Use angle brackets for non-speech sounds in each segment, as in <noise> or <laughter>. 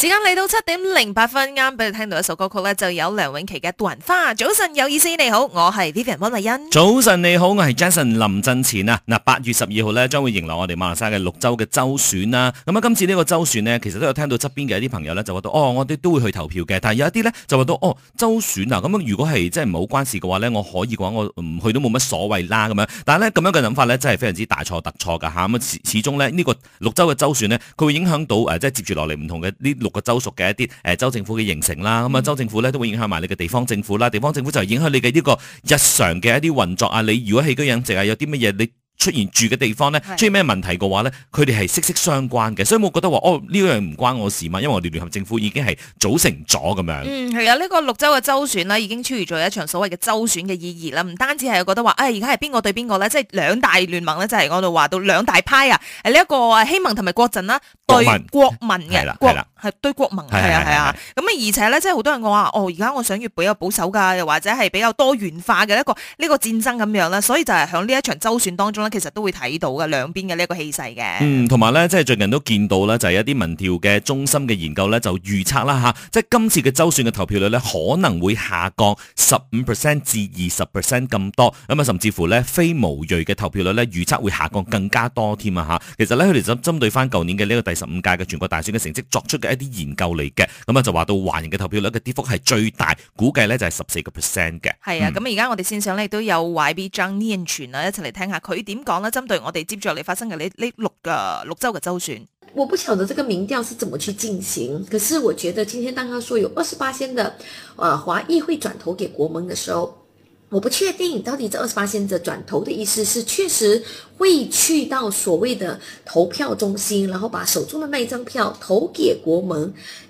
時間嚟到七點零八分，啱俾你聽到一首歌曲咧，就有梁詠琪嘅《杜雲花》。早晨有意思，你好，我係 Vivian 溫麗欣。早晨你好，我係 Jason 林振前啊！嗱，八月十二號呢，將會迎來我哋馬來西亞嘅六州嘅州選啦。咁啊，今次呢個州選呢，其實都有聽到側邊嘅一啲朋友呢，就話到，哦，我哋都會去投票嘅。但係有啲呢，就話到，哦，州選啊，咁樣如果係即係唔係好關事嘅話呢，我可以嘅話我唔去都冇乜所謂啦咁樣。但係呢，咁樣嘅諗法呢，真係非常之大錯特錯噶吓。咁始始終咧呢、這個六州嘅州選呢，佢會影響到誒、呃，即係接住落嚟唔同嘅呢個州屬嘅一啲誒州政府嘅形成啦，咁啊州政府咧都會影響埋你嘅地方政府啦，地方政府就係影響你嘅呢個日常嘅一啲運作啊。你如果起居飲食，成日有啲乜嘢你？出現住嘅地方咧，出現咩問題嘅話咧，佢哋係息息相關嘅，所以我覺得話哦，呢樣唔關我事嘛，因為我哋聯合政府已經係組成咗咁樣。嗯，係啊，呢個六州嘅州選咧，已經出現咗一場所謂嘅州選嘅意義啦，唔單止係覺得話，啊而家係邊個對邊個咧，即係兩大聯盟咧，就係講到話到兩大派啊，這個、西呢一個希盟同埋國陣啦，對國民嘅，係啦係啦，對國民，係啊係啊，咁啊而且咧，即係好多人講話，哦而家我想要揹個保守噶，又或者係比較多元化嘅一個呢個戰爭咁樣啦，所以就係喺呢一場州選當中其實都會睇到嘅兩邊嘅呢個氣勢嘅，嗯，同埋咧，即係最近都見到咧，就係、是、一啲民調嘅中心嘅研究咧，就預測啦吓，即係今次嘅州選嘅投票率咧，可能會下降十五 percent 至二十 percent 咁多，咁啊，甚至乎咧非巫裔嘅投票率咧，預測會下降更加多添啊吓，其實咧，佢哋就針對翻舊年嘅呢個第十五屆嘅全國大選嘅成績作出嘅一啲研究嚟嘅，咁啊，就話到華人嘅投票率嘅跌幅係最大，估計咧就係十四個 percent 嘅，係啊，咁而家我哋線上咧都有 YB 張念群啊，一齊嚟聽下佢點。點講咧？針對我哋接住嚟發生嘅呢呢六個六州嘅州選，我不曉得這個民調是怎麼去進行。可是我覺得今天當他說有二十八仙的，啊華裔會轉投給國盟的時候，我不確定到底這二十八仙者轉投的意思是確實會去到所謂的投票中心，然後把手中的那一張票投給國盟。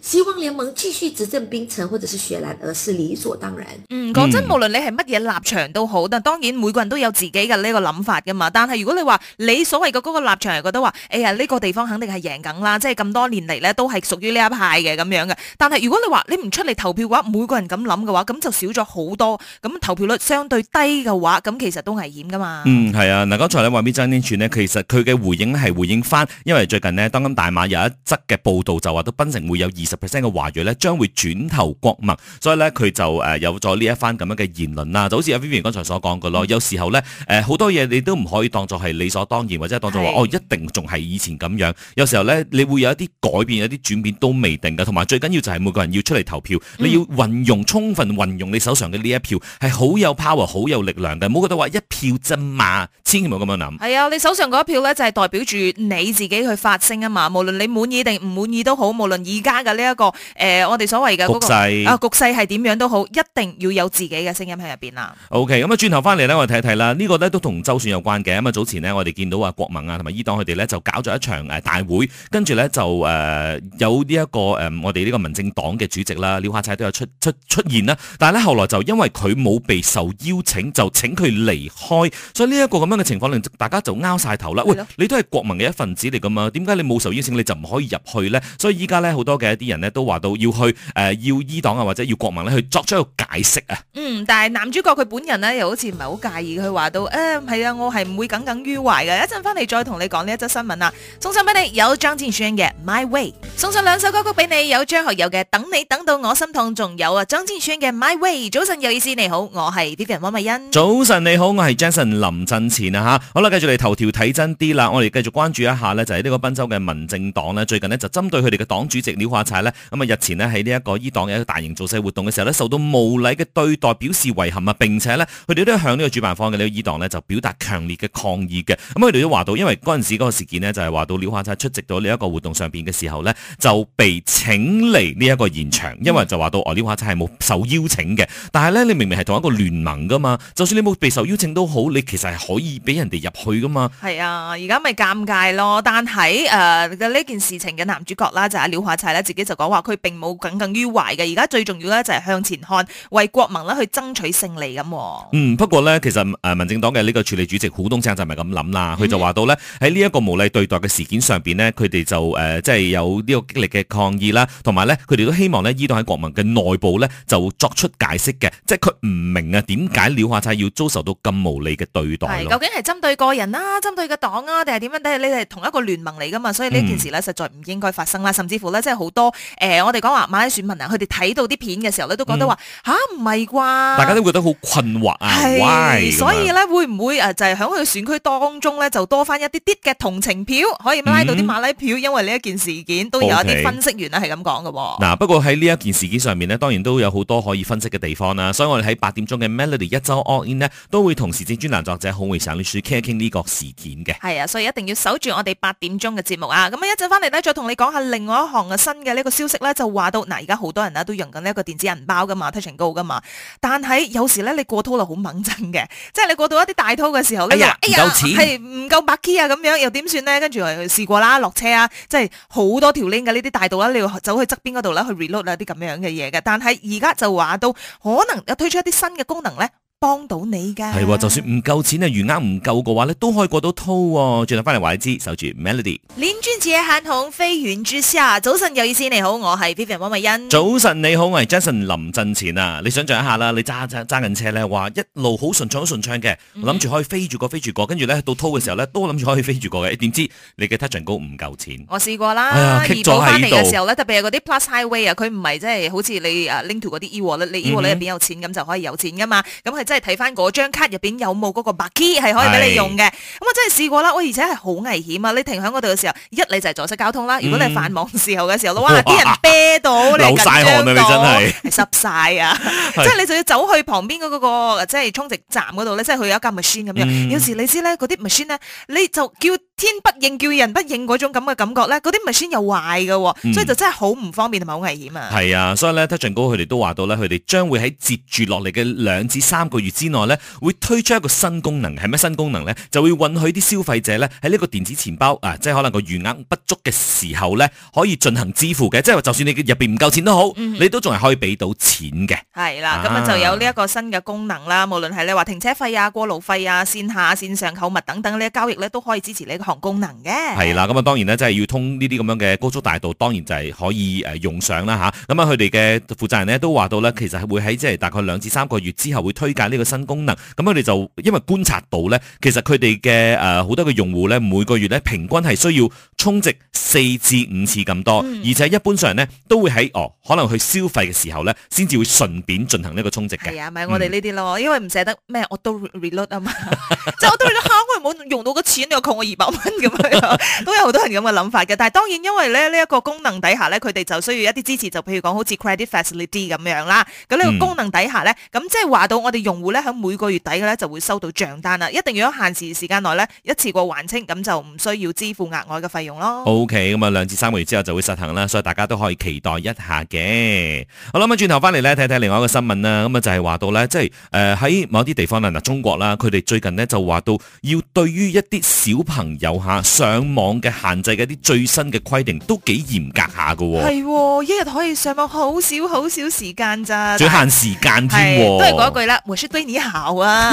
希望聯盟繼續執政檳城或者是雪蘭，而是理所當然，嗯。嗯，講真，無論你係乜嘢立場都好，但當然每個人都有自己嘅呢個諗法噶嘛。但係如果你話你所謂嘅嗰個立場係覺得話，哎呀呢個地方肯定係贏緊啦，即係咁多年嚟呢都係屬於呢一派嘅咁樣嘅。但係如果你話你唔出嚟投票嘅話，每個人咁諗嘅話，咁就少咗好多，咁投票率相對低嘅話，咁其實都危險噶嘛。嗯，係啊，嗱剛才呢話俾張天柱呢，其實佢嘅回應係回應翻，因為最近呢當今大馬有一則嘅報道就話都檳城會有二。十%嘅華裔咧，將會轉投國民，所以咧佢就誒有咗呢一番咁樣嘅言論啦。就好似阿 Vivi 剛才所講嘅咯，有時候咧誒好多嘢你都唔可以當作係理所當然，或者當作話是哦一定仲係以前咁樣。有時候咧，你會有一啲改變、有啲轉變都未定嘅。同埋最緊要就係每個人要出嚟投票，嗯、你要運用充分運用你手上嘅呢一票，係好有 power、好有力量嘅。唔好覺得話一票真馬，千祈唔好咁樣諗。係啊，你手上嗰一票咧就係代表住你自己去發聲啊嘛。無論你滿意定唔滿意都好，無論而家嘅。呢、這、一個誒、呃，我哋所謂嘅、那個、局勢啊，局勢係點樣都好，一定要有自己嘅聲音喺入邊啦。OK，咁啊轉頭翻嚟咧，我哋睇一睇啦。呢、這個咧都同周選有關嘅。咁啊早前呢，我哋見到啊國民啊同埋伊黨佢哋咧就搞咗一場誒大會，跟住咧就誒、呃、有呢、這、一個誒、呃、我哋呢個民政黨嘅主席啦，劉華才都有出出出，出現啦。但係咧後來就因為佢冇被受邀請，就請佢離開。所以呢一個咁樣嘅情況令大家就拗晒頭啦。喂，你都係國民嘅一份子嚟㗎嘛？點解你冇受邀請你就唔可以入去咧？所以依家咧好多嘅一啲。人咧都話到要去誒、呃，要伊黨啊，或者要國民咧去作出一個解釋啊。嗯，但係男主角佢本人咧又好似唔係好介意，佢話到誒，係、哎、啊，我係唔會耿耿於懷嘅。回來，一陣翻嚟再同你講呢一則新聞啊。送上俾你有張敬軒嘅 My Way，送上兩首歌曲俾你有張學友嘅等你等到我心痛，仲有啊張敬軒嘅 My Way。早晨有意思，你好，我係啲人汪美欣。早晨你好，我係 Jason 林振前啊吓。好啦，繼續嚟哋頭條睇真啲啦，我哋繼續關注一下呢，就喺、是、呢個檳州嘅民政黨呢。最近呢，就針對佢哋嘅黨主席廖化財。咁啊！日前呢喺呢一個伊黨嘅一個大型造勢活動嘅時候咧，受到無禮嘅對待，表示遺憾啊！並且呢，佢哋都向呢個主辦方嘅呢個伊黨呢，就表達強烈嘅抗議嘅。咁佢哋都話到，因為嗰陣時嗰個事件呢，就係話到廖化齊出席到呢一個活動上邊嘅時候呢，就被請嚟呢一個現場，因為就話到，我廖化齊係冇受邀請嘅。但係呢，你明明係同一個聯盟㗎嘛，就算你冇被受邀請都好，你其實係可以俾人哋入去㗎嘛。係啊，而家咪尷尬咯。但係誒呢件事情嘅男主角啦，就係、是、廖化齊自己。就講話佢並冇耿耿於懷嘅，而家最重要咧就係向前看，為國民咧去爭取勝利咁。嗯，不過咧其實誒，民政黨嘅呢個署理主席胡棟強就唔係咁諗啦，佢就話到咧，喺呢一個無理對待嘅事件上邊咧，佢哋就誒即係有呢個激烈嘅抗議啦，同埋咧佢哋都希望咧伊黨喺國民嘅內部咧就作出解釋嘅，即係佢唔明啊點解劉華才要遭受到咁無理嘅對待咯。究竟係針對個人啊，針對個黨啊，定係點樣？但係你哋同一個聯盟嚟噶嘛，所以呢件事咧實在唔應該發生啦，甚至乎咧即係好多。誒、呃，我哋講話馬拉選民啊，佢哋睇到啲片嘅時候咧，都覺得話吓，唔係啩？大家都覺得好困惑啊，係，Why? 所以咧會唔會誒，就係喺佢選區當中咧，就多翻一啲啲嘅同情票，可以拉到啲馬拉票，嗯，因為呢一件事件，都有一啲分析員係係咁講嘅。嗱、okay. 啊，不過喺呢一件事件上面咧，當然都有好多可以分析嘅地方啦。所以我哋喺八點鐘嘅 Melody 一周 All In 呢，都會同時政專欄作者孔維山呢處傾一傾呢個事件嘅。係啊，所以一定要守住我哋八點鐘嘅節目啊！咁啊，一陣翻嚟咧，再同你講下另外一項新嘅一個消息咧就話到，嗱，而家好多人咧都用緊呢一個電子銀包噶嘛 Touch 'n Go 噶嘛，但係有時咧你過 toll 就好猛震嘅，即係你過到一啲大 toll 嘅時候，哎呀，唔夠錢，係唔夠百 k 啊咁樣，又點算咧？跟住試過啦，落車啊，即係好多條 link 嘅呢啲大道啦，你要走去側邊嗰度啦，去 reload 啊啲咁樣嘅嘢嘅，但係而家就話到可能又推出一啲新嘅功能咧。幫到你噶係，就算唔夠錢啊，餘額唔夠嘅話咧，都可以過到 toll，哦。轉頭翻嚟話你知，守住 Melody。林俊嘅韓紅、飛遠爵士啊，早晨，有意思，你好，我係 Vivian 溫慧欣。早晨，你好，我係 Jason 林振前啊。你想象一下啦，你揸揸揸緊車咧，話一路好順暢，好順暢嘅，諗住可以飛住過，飛住過，跟住咧到 toll 嘅時候咧，都諗住可以飛住過嘅，點知你嘅 Touch 'n Go 唔夠錢。我試過啦，二度翻嚟嘅時候咧，特別係嗰啲 plus highway 啊、就是，佢唔係即係好似你誒 link 到嗰啲 e wallet 你 e wallet 入邊有錢咁、嗯、就可以有錢噶嘛，咁即係睇翻嗰張卡入邊有冇嗰個白 key 係可以俾你用嘅。我真係試過啦，喂！而且係好危險啊！你停喺我哋嘅時候，一你就係阻塞交通啦、嗯。如果你是繁忙時候嘅時候，哇！啲人啤到你，晒汗啊，啊。你，你真係濕晒啊！即係 <laughs> 是 <laughs> 你就要走去旁邊嗰個即係充值站嗰度咧，即係佢有一間 m a c h 咁樣、嗯。有時你知咧，嗰啲 m a c 你就叫天不應叫人不應嗰種咁嘅感覺咧，嗰啲 m a c h i n 又壞嘅、哦嗯，所以就真係好唔方便同埋好危險啊！係啊，所以呢，t i 哥佢哋都話到咧，佢哋將會喺接住落嚟嘅兩至三個月之內呢，會推出一個新功能，係咩新功能呢？就會運。佢啲消費者咧，喺呢個電子錢包啊，即係可能個餘額不足嘅時候咧，可以進行支付嘅，即係話就算你入邊唔夠錢都好、嗯，你都仲係可以俾到錢嘅。係啦，咁啊就有呢一個新嘅功能啦。無論係你話停車費啊、過路費啊、線下、線上購物等等呢個交易咧，都可以支持呢個項功能嘅。係啦，咁啊當然咧，即係要通呢啲咁樣嘅高速大道，當然就係可以誒用上啦吓，咁啊，佢哋嘅負責人咧都話到咧，其實會喺即係大概兩至三個月之後會推介呢個新功能。咁佢哋就因為觀察到咧，其實佢哋嘅誒好多嘅用戶咧，每個月咧平均係需要充值四至五次咁多，嗯，而且一般上咧都會喺哦可能去消費嘅時候咧，先至會順便進行呢個充值嘅。係啊，咪、嗯、我哋呢啲咯，因為唔捨得咩，我都 re reload 啊嘛， <laughs> 就我都 reload、 <laughs> 啊、我冇用到個錢，你又扣我二百蚊咁樣， <laughs> 都有好多人咁嘅諗法嘅。但係當然，因為咧呢一、呢個功能底下咧，佢哋就需要一啲支持，就譬如講好似 credit facility 咁樣啦。咁呢個功能底下咧，咁、嗯、即係話到我哋用戶咧喺每個月底嘅咧就會收到帳單啦，一定要喺限時時間內咧一次過還清，咁就唔需要支付額外嘅費用。OK 咁啊，兩至三個月之後就會實行啦，所以大家都可以期待一下嘅。好啦，咁啊，轉頭翻嚟咧，睇睇另外一個新聞啦。咁啊，就係、是、話到咧，即係誒喺某啲地方嗱，中國啦，佢哋最近呢就話到要對於一啲小朋友吓上網嘅限制嘅啲最新嘅規定都幾嚴格下噶。係、哦，一日可以上網好少好少時間咋？最限時間添，都係嗰句啦， <laughs> 回說對你好啊。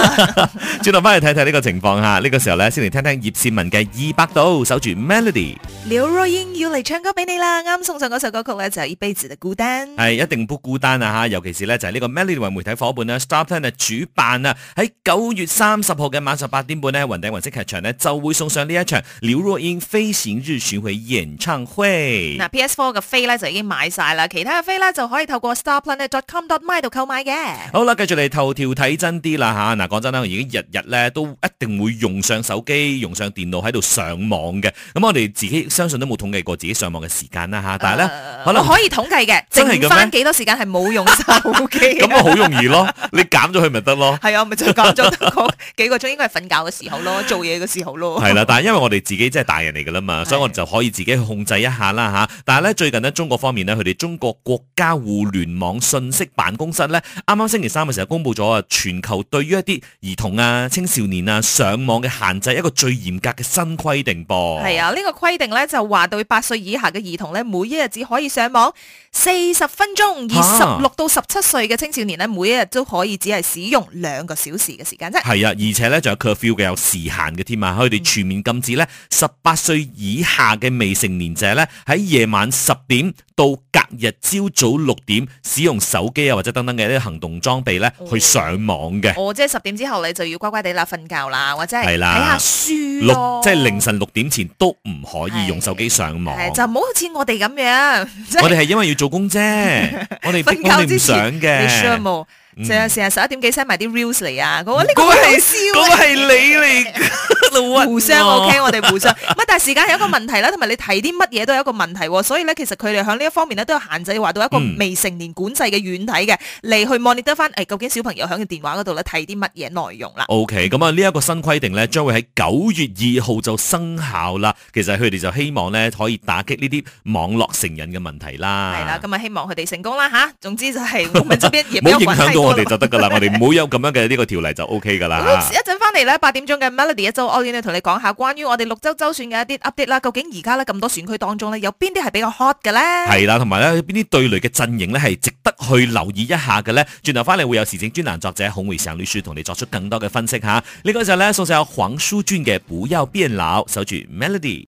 轉頭翻嚟睇睇呢個情況吓，呢、這個時候咧先嚟聽聽葉倩文嘅《二百度守住 Melody》。劉若英要嚟唱歌俾你啦，啱送上嗰首歌曲呢，就係《一輩子的孤單》是，係一定不孤單啊吓，尤其是呢，就係、是、呢個 Melody 雲媒體夥伴呢。Starplan 啊主辦啊喺九月三十號嘅晚上八點半呢，雲頂雲色劇場呢，就會送上呢一場劉若英飛行日巡回演唱會。嗱，PS Four 嘅飛呢，就已經買晒啦，其他嘅飛呢，就可以透過 Starplan d o t .com.dot.my 度購買嘅。好啦，繼續嚟頭條睇真啲啦吓，嗱、啊、講真啦，我已經日日呢，都一定會用上手機、用上電腦喺度上網嘅，咁我哋。自己相信都冇統計過自己上網嘅時間啦嚇，但係咧、呃，我可以統計嘅，剩翻幾多時間係冇用手機。咁啊，好容易咯， <laughs> 你減咗佢咪得咯。係啊，咪就減咗幾個鐘， <laughs> 應該係瞓覺嘅時候咯，做嘢嘅時候咯。係啦、啊，但係因為我哋自己即係大人嚟噶啦嘛、啊，所以我哋就可以自己控制一下啦嚇，但係咧最近呢，中國方面呢，佢哋中國國家互聯網信息辦公室呢，啱啱星期三嘅時候公布咗啊，全球對於一啲兒童啊、青少年啊上網嘅限制一個最嚴格嘅新規定噃。啊，呢、這個規定咧就話對八歲以下嘅兒童咧，每一日只可以上網四十分鐘；而十六到十七歲嘅青少年咧，啊、每一日都可以只係使用兩個小時嘅時間啫。係啊，而且咧仲有佢 feel 嘅有時限嘅添啊，佢哋全面禁止咧十八歲以下嘅未成年者咧喺夜晚十點到隔日朝早六點使用手機啊或者等等嘅一啲行動裝備咧、哦、去上網嘅。哦，即係十點之後你就要乖乖地啦，瞓覺啦，或者係睇下書、啊。六即係凌晨六點前都唔。可以用手機上網、嗯嗯，就唔好好似我哋咁樣。我哋係因為要做工啫， <laughs> 我哋瞓覺之前，成日成日十一點幾 send 埋啲 news 嚟啊！我、嗯、呢、這個係、嗯、笑，嗰個係你嚟。 <laughs> 互相 OK，我哋互相乜？但係時間係一個問題啦，同埋你睇啲乜嘢都係一個問題，所以咧其實佢哋喺呢一方面咧都有限制，話到一個未成年管制嘅軟體嘅嚟去望你得翻，誒究竟小朋友喺佢電話嗰度咧睇啲乜嘢內容啦？OK，咁啊呢一個新規定咧將會喺九月二號就生效啦。其實佢哋就希望咧可以打擊呢啲網絡成人嘅問題啦。係啦，咁啊希望佢哋成功啦嚇。總之就係唔知邊冇影響到我哋就得㗎啦。我哋唔好有咁樣嘅呢個條例就 OK 㗎啦。一陣翻嚟咧八點鐘嘅 Melody 一週我。先去同你講下關於我哋綠洲州選嘅一啲 update 啦，究竟而家呢咁多選區當中呢，有邊啲係比較 hot 嘅咧？係啦，同埋咧，邊啲對壘嘅陣營呢，係值得去留意一下嘅咧？轉頭翻嚟會有時政專欄作者孔維成律師同你作出更多嘅分析吓。啊、就是呢個時候咧，送上有黃舒駿嘅不要變老，守住 melody。